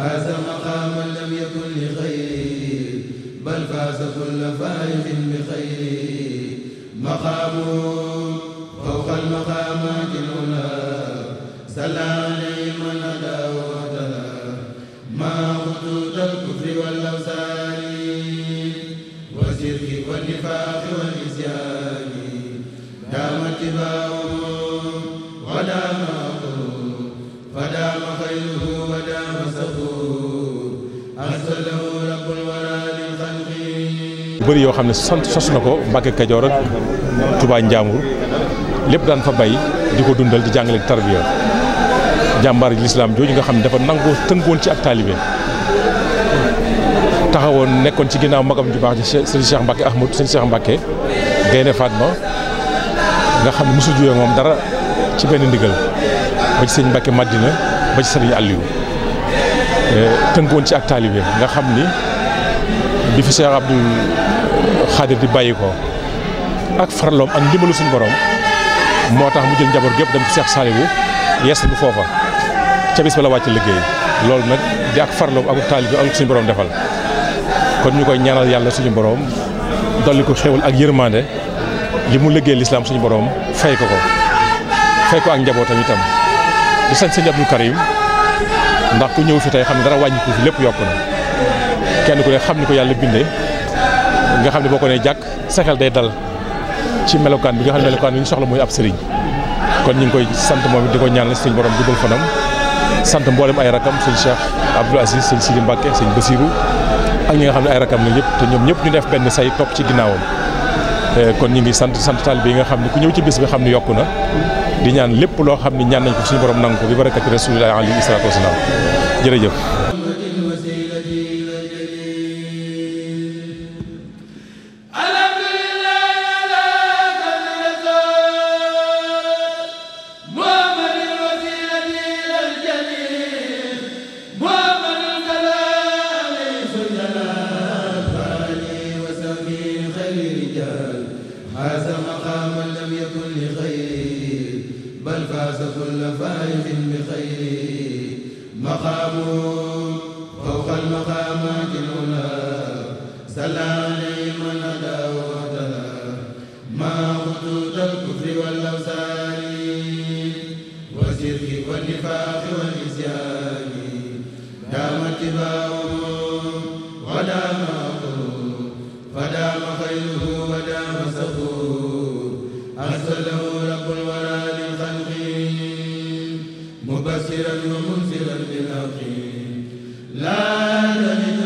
فاز مقاما لم يكن لغيره بل فاز كل فائز بخيره مقام فوق المقامات الأولى صلى عليه من أدى وأدى ما خطوط الكفر والأوزان والشرك والنفاق والعصيان دام اتباعه bëri yoo xam ne sant sos na ko Mbàkke Kajoor ak Touba Njaambur lépp daan fa bay di ko dundal di jàngale tarbiya jàmbaar ji lislaam jooju nga xam ne dafa nangoo tënkoon ci ak taalibe taxawoon nekkoon ci ginnaaw magam ju baax ji sëñ Cheikh Mbacke Ahmad sëñ Cheikh Mbacke faat ma nga xam ne mosul juyee moom dara ci benn ndigal ba ci sëñ Mbacke Madina ba ci sëriñ Aliou eh, tënkoon ci ak taalibe nga xam ni bi fi Cheikh Abdou di bàyyi ko ak farloom ak ndimbalu suñu borom moo tax mu jël njaboot gépp dem ci Cheikh Saliou bu foofa ca bis ba la wàcc liggéey loolu nag di ak farloom ak taalibe ak suñu borom defal kon ñu koy ñaanal yàlla suñu boroom dolli ko xéwal ak yërmande li mu liggéey lislaam suñu boroom fay ko ko fay ko ak njabootam itam di sant sëñ Abdou Karim ndax ku ñëw fi tey xam ne dara wàññi ko fi lépp yokku na. kenn ku xam ni ko yàlla bindee nga xam ne boo ko nee jàkk sa xel day dal ci melokaan bi nga xam ne melokaan bi ñu soxla muy ab sëriñ kon ñu ngi koy sant moom it di ko ñaanal suñ borom dugal fanam sant mboolem ay rakam sëñ Cheikh Abdou Aziz sëñ Sidi Mbacke sëñ Basirou ak ñi nga xam ne ay rakam la ñëpp te ñoom ñëpp ñu def benn say topp ci ginnaawam eh, kon ñu ngi sant sant taal bi nga xam ne ku ñëw ci bis bi xam ne yokku na di ñaan lépp loo xam nañ ko suñu borom nangu ko bi barakati rasulillahi alayhi salaatu wasalaam jërëjëf المقام فوق المقامات الأولى صلى عليه من هدى وهدى ما خطوط الكفر والأوزار والشرك والنفاق والعصيان دام اتباعه ودام أخوه فدام خيره ودام سخوه أرسله رب العالمين مبشرا ومنذرا للآخرين لا تلد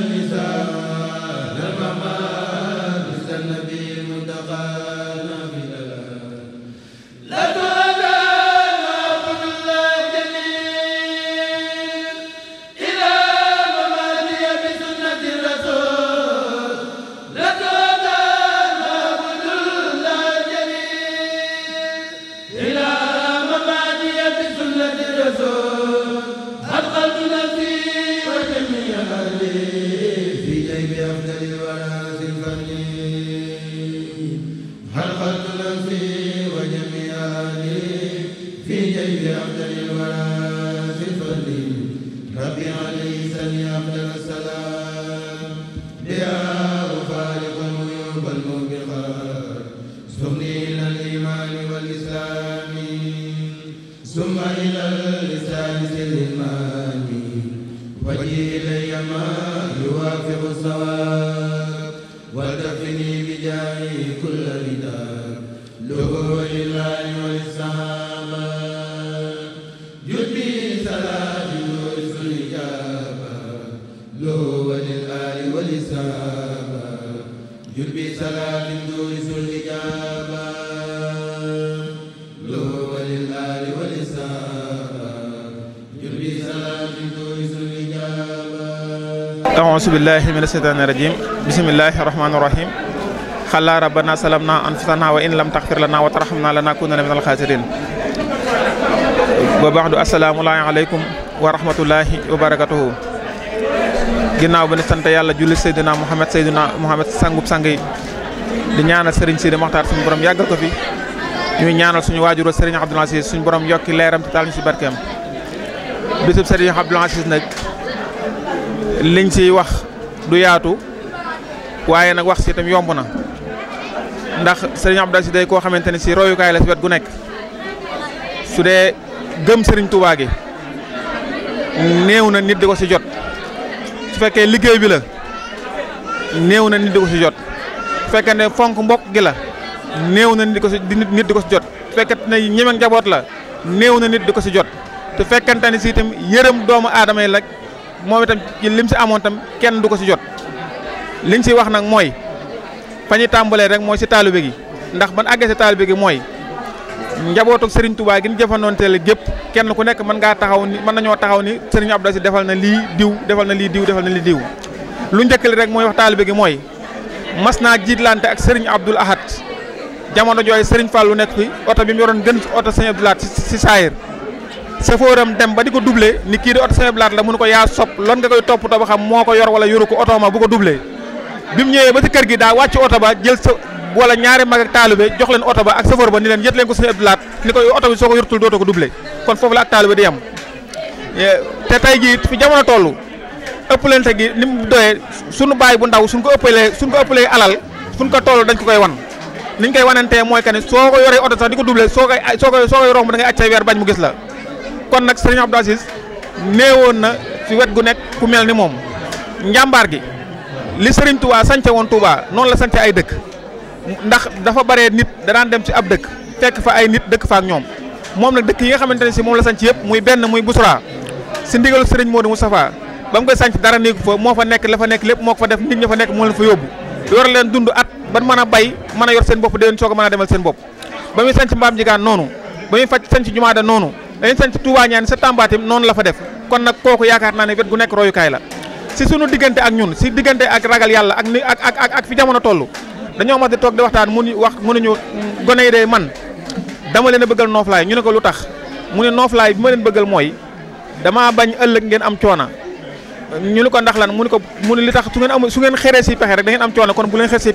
la وكفني بجاهي كل رداء لهو لله والسحابة جدي صلاة نور الإجابة لهو وللآل وللسحابة جدي صلاة aousubillahi mina sheytaani rajim bisimillahi rahmaani rahim xala rabbana salamna anfusana wa in lam taxfir lana wa tarhamna lanakunanna minal xaasirin ba baax du asalaamu aleykum wa rahmatullahi wa barakatuhu ginnaaw ba ni sant yàlla julli Seydina Mouhamed Seydina Mouhamed sangub sang yi di ñaanal Serigne Sidi Mokhtar suñu borom yàggal ko fi ñuy ñaanal suñu waajur Serigne Abdoul Aziz suñu borom yokki leeram te taal ñu si barkeem bisub Serigne Abdoul Aziz nag liñ ciy wax du yaatu waaye nag wax ci itam yomb na ndax sëriñ Abdou si day koo xamante ne ci royukaay la ci wet gu nekk su dee gëm sëriñ Touba gi néew na nit di ko ci jot su fekkee liggéey bi la néew na nit di ko ci jot su fekkee ne fonk mbokk gi la néew na nit di ko ci nit ko ci jot su fekkee ne ñeme njaboot la néew na nit di ko ci jot te fekkante ne yërëm doomu aadama yi la moom itam ci lim si amoon tam kenn du ko si jot liñ si wax nag mooy fa ñu tàmbalee rek mooy si taalibe gi ndax ban àggee si taalibe gi mooy njabootu Serigne Touba gi ñu jëfandoonteel gépp kenn ku nekk mën ngaa taxaw ni mën nañoo taxaw ni Serigne Abdou si defal na lii diw defal na lii diw defal na lii diw lu njëkk li rek mooy wax taalibe gi mooy mas naa jiitlante ak Serigne Abdoul Ahad jamono jooy Serigne Fallou nekk fi oto bi mu yoroon gën oto Serigne Abdoul si saayir chauffeur am dem ba di ko duble ni kii di oto Sëñ Abdou la mu ne ko yaa sopp lon nga koy toppatoo ba xam moo ko yor wala yoru ko oto ma bu ko doublé bi mu ñëwee ba ci kër gi daa wàcc oto ba jël sa wala ñaari mag ak taalibe jox leen oto ba ak chauffeur ba ni leen yët leen ko Sëñ Abdou Lahad ni ko oto bi soo ko yortul dootoo ko doublé kon foofu la ak taalibe di yem te tey jii fi jamono toll ëppalante gi ni mu doyee suñu bàyyi bu ndaw suñ ko ëppalee suñ ko ëppalee alal fuñ ko toll dañ ko koy wan niñ koy soo ko yoree oto ko doublé soo soo koy soo koy romb da mu gis la kon nag sëriñ Abdou Aziz néewoon na ci wet gu nekk ku mel ni moom njàmbaar gi li sëriñ Touba sance woon Touba noonu la sance ay dëkk ndax dafa bare nit danaan dem ci ab dëkk fekk fa ay nit dëkk fa ak ñoom moom nag dëkk yi nga xamante ne si moom la sanc yëpp muy benn muy Bousra si ndigalu sëriñ Modou Moustapha ba mu ko sanc dara néegu fa moo fa nekk la fa nekk lépp moo ko fa def nit ña fa nekk moo la fa yóbbu yor leen dund at ban mën a bay mën a yor seen bopp déwén soog a mën seen bopp ba muy sanc mbaam jigaan noonu ba muy faj sanc jumaada noonu dañu sañ ci Touba ñaani sa Tamba noonu la fa def kon nag kooku yaakaar naa ne wet gu nekk royukaay la si sunu diggante ak ñun si diggante ak ragal yàlla ak ni ak ak ak fi jamono toll dañoo mas di toog di waxtaan mu ni wax mënuñu mm, gone yi de man dama leen a bëggal nooflaay ñu ne ko lu tax mu ne nooflaay bi ma leen bëggal mooy damaa bañ ëllëg ngeen am coona ñu ne ko ndax lan mu ne ko mu ne li tax su ngeen am su ngeen xëree si pexe rek da ngeen am coono kon bu pexe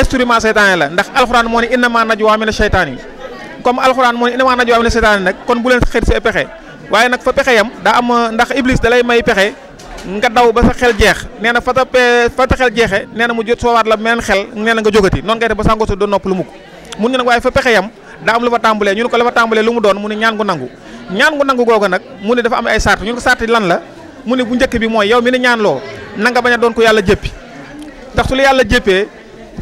instrument seytaane la ndax alxuraan moo ne innama najwa mina seytaan yi comme alxuraan moo ne innama najwa mina seytaan yi nag kon bu leen xër see pexe waaye nag fa pexe yam daa am ndax iblis da lay may pexe nga daw ba na fa ta fa ta xel jeexe nee na mu jot soowaat la meneen xel nee na nga jógati noonu ngay def ba sàngoosu la fa tàmbalee lu mu doon mu ne ñaan gu nangu ñaan gu nangu googu nag mu ne dafa am ay sart ñu ne ko sart lan la mu ne bu njëkk bi mooy yow mi ne ñaan loo na nga bañ a doon ko yàlla jéppi ndax su la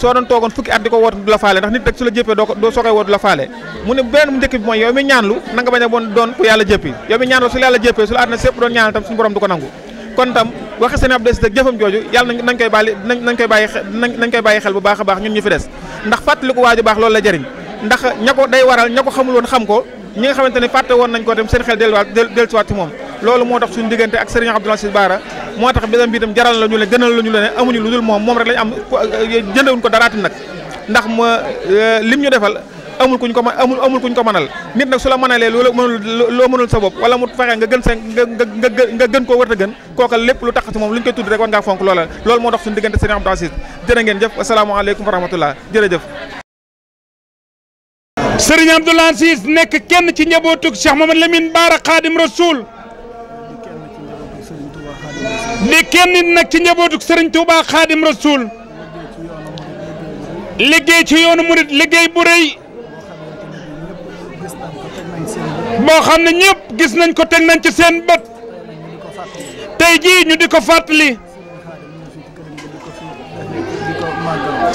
soo doon toogoon fukki at di ko woote du la faale ndax nit rek su la jëppee doo ko soo koy woote du la faale mu ne benn mu njëkk bi mooy yow mi ñaanlu na nga bañ a bon doon ku yàlla jëppi yow mi ñaanlu su la yàlla jëppee su la àddina sépp doon ñaanal tam suñu borom du ko nangu kon tam waxe seen ab des ak jëfam jooju yàlla nañ nañ koy bàyyi xel nañ koy bàyyi xel bu baax a baax ñun ñu fi des ndax fàttaliku waaju baax loolu la jëriñ ndax ña nga xamante ne fàtte woon nañ ko tam seen loolu moo tax suñu diggante ak Serigne Abdoul Aziz Bara moo tax bisam bi itam jaral la ñu le gënal la ñu le ne amuñu lu dul moom moom rek lañ am euh, jëndewuñ ko daraati nag ndax ma euh, lim ñu defal amul kuñ ko ma amul amul kuñ ko mënal nit nag su la mënalee loola mënul loo mënul sa bopp wala mu fexe nga gën sa nga nga nga gën koo war a gën kooka lépp lu tax ci moom lu ñu koy tudd rek war ngaa fonk loola loolu moo dox suñu diggante Serigne Abdoul Aziz jërë ngeen jëf asalaamaaleykum wa rahmatullah jërëjëf Serigne Abdoul Aziz nekk kenn ci njabootug Cheikh Mamadou Lamine Bara Khadim Rasoul li kenn nit nag ci njabootu sëriñ Touba Xaadim Rasul liggéey ci yoonu murit liggéey bu rëy boo xam ne ñëpp gis nañ ko teg nañ ci seen bët tey jii ñu di ko fàttali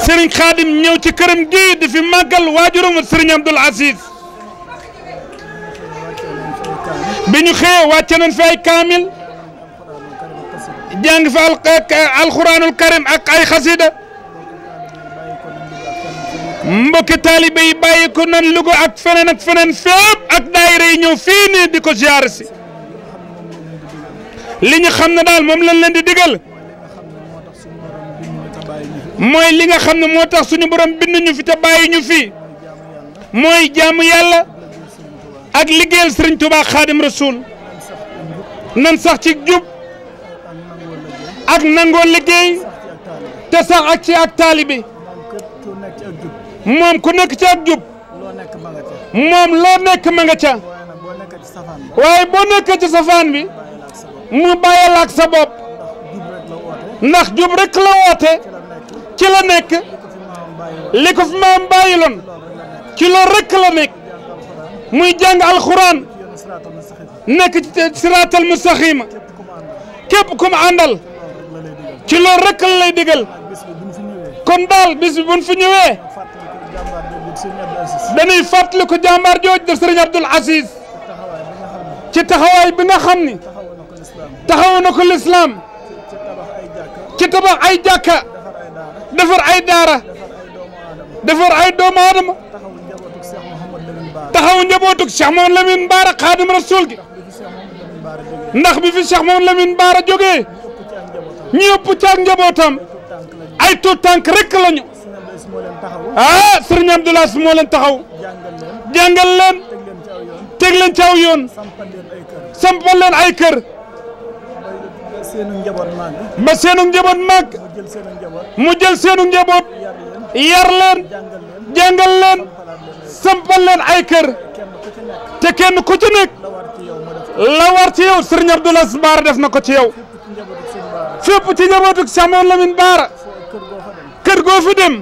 sëriñ Xaadim ñëw ci këram gii di fi màggal waajuram sëriñ Abdul Aziz bi ñu xëyee wàcce nañ fi ay kaamil jàng fa alquranul karim ak ay xasida mbokki taalibe yi bàyyi nan Louga ak feneen ak feneen fépp ak daayira yi ñëw fii nii di ko ziar si li ñu xam ne daal moom lañ leen di digal mooy li nga xam ne moo tax suñu borom bind ñu fi te bàyyi ñu fi mooy jaamu yàlla ak liggéeyal Sëriñ Tuubaa Xaadim Rasuul nan sax ci jub ak nangoo liggéey te sax ak ci ak taalibe moom ku nekk ci ak jub moom loo nekk ma nga ca waaye ci safaan bi mu bàyyal ak sa bopp jub rek la woote ci la nekk li ko fi maam bàyyiloon ci loolu rek la nekk muy jàng alxuraan nekk ci siraatal mustaqiima képp kum àndal ci loolu rek la lay digal kon daal bis bi fi ñëwee dañuy fàttali ko jàmbaar jooju de Serigne Abdoul Aziz ay jàkka defar ay daara defar ay doomu aadama taxaw njabootug Cheikh Mouhamed Lamine Bara Xaadim gi ndax bi fi Cheikh Mouhamed Lamine Bara jógee. ñëpp ci ak njabootam ay tuut tànk rek lañu ah sëriñ Abdoul Aziz moo leen taxaw jàngal leen teg leen ci aw yoon sampal leen ay kër ba seenu njaboot màgg mu jël seenu njaboot yar leen jàngal leen sampal leen ay kër te kenn ku ci nekk la war ci yow sëriñ Abdoul Aziz Bara def na ko ci yow fépp ci njabootuk Cheikh Mouhamadou Lamine Baara kër goo fi dem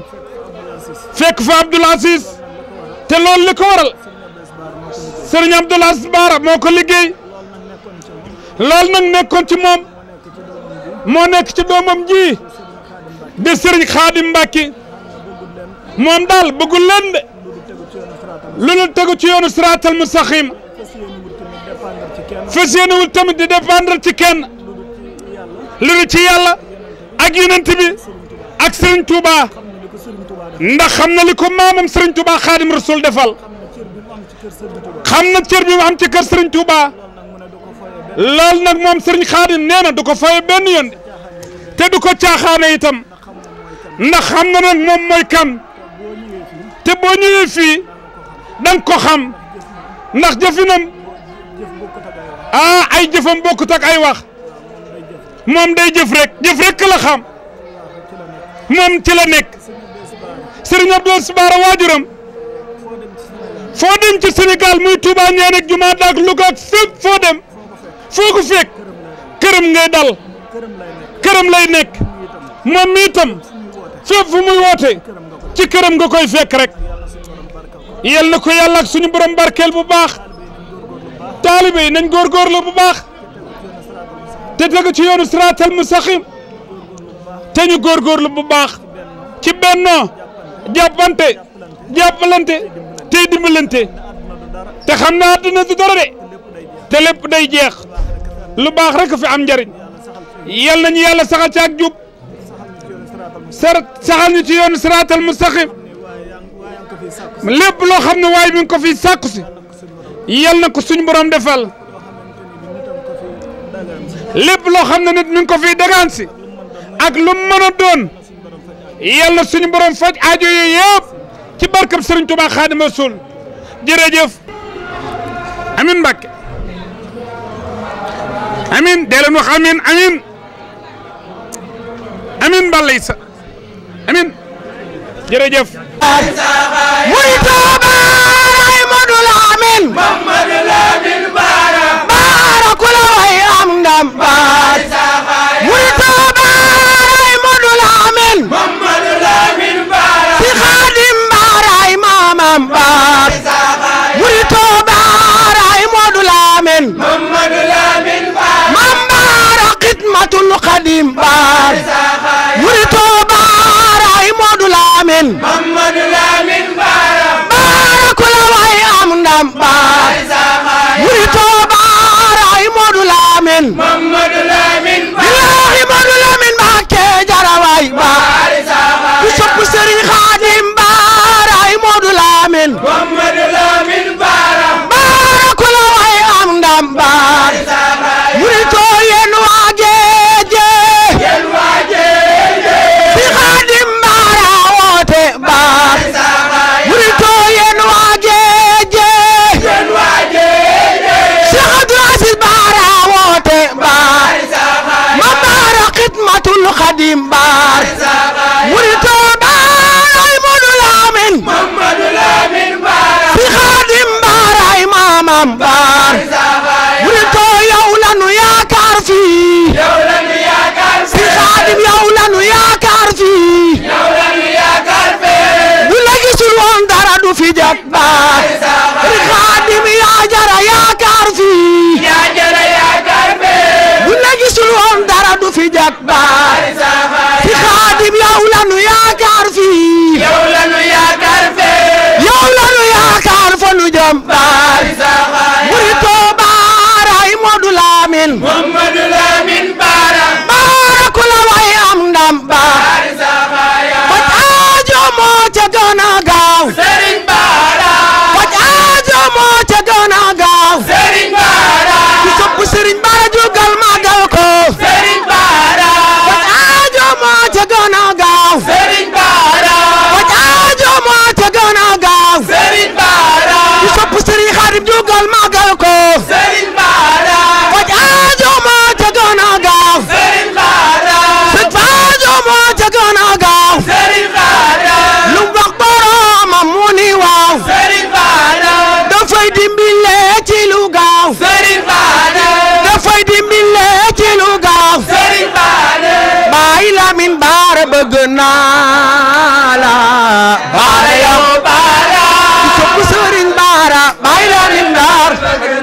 fekk fa Abdoul Aziz te loolu li ko waral sëriñ Aziz Baara moo ko liggéey loolu nag nekkoon ci moom moo nekk ci doomam ji di sëriñ Xaadim Mbàkke moom daal bëggul leen de lu ñu tegu ci yoonu siraatal mustaqiim fas yéenewul tamit di dépendre ci kenn li ci yàlla ak yonent bi ak sëriñ Touba ndax xam na li ko maamam sëriñ Touba xaadim rasul defal xam na cër bi mu am ci kër sëriñ Touba loolu nag moom sëriñ xaadim nee na du ko faye benn yoon te du ko caaxaane itam ndax xam na nag moom mooy kan te boo ñëwee fii ko xam ndax jëfinam ah ay jëfam bokkut ay wax moom day jëf rek jëf rek la xam moom ci la nekk sëriñ Abdou Sibara waajuram foo dem ci Sénégal muy Touba ñaan ak jumaa daak foo dem foo ko fekk këram ngay dal këram lay nekk moom mi itam fu muy woote ci këram nga koy fekk rek yal na ko yàlla suñu borom barkeel bu baax taalibe yi nañ góorgóorlu bu baax te tegu ci yoonu siraatal mustaqim te góor góorgóorlu bu baax ci bennoo jàppante jàppalante te dimbalante te xam na àddina du dara de te lépp day jeex lu baax rek fi am njariñ yal nañu yàlla saxal ci ak jub sar saxal ñu ci yoonu siraatal mustaqim lépp loo xam ne waaye mi ngi ko fiy sàkku si yal na ko suñu borom defal. lépp loo xam ne nit mi ko fiy dagaan si ak lu mën a doon yàlla suñu borom faj aajo yooyu yëpp ci barkab Serigne Touba Xaadimu Rasuul jërëjëf amin Mbàkke amin dee leen wax amin amin amin balay sa amin jërëjëf muy Touba Mamadou Lamine Mamadou Lamine Ba ndam baay saxaay muy toobaay Modu Lamin Modu Lamin baara si xaadim baaraay maamam baar muy toobaay Modu Lamin Modu Lamin baar maam baara xidmatul xadim baar muy toobaay Modu Lamin Modu Lamin baara baara ku la way am ndam baar Lamin Mamadou Lamin Billaahi Mamadou Lamin Mbàkke jarawaay ba sopp Sëriñ Xaar amiin bëgg naa la baara yow baara sopp sëriñ baara baara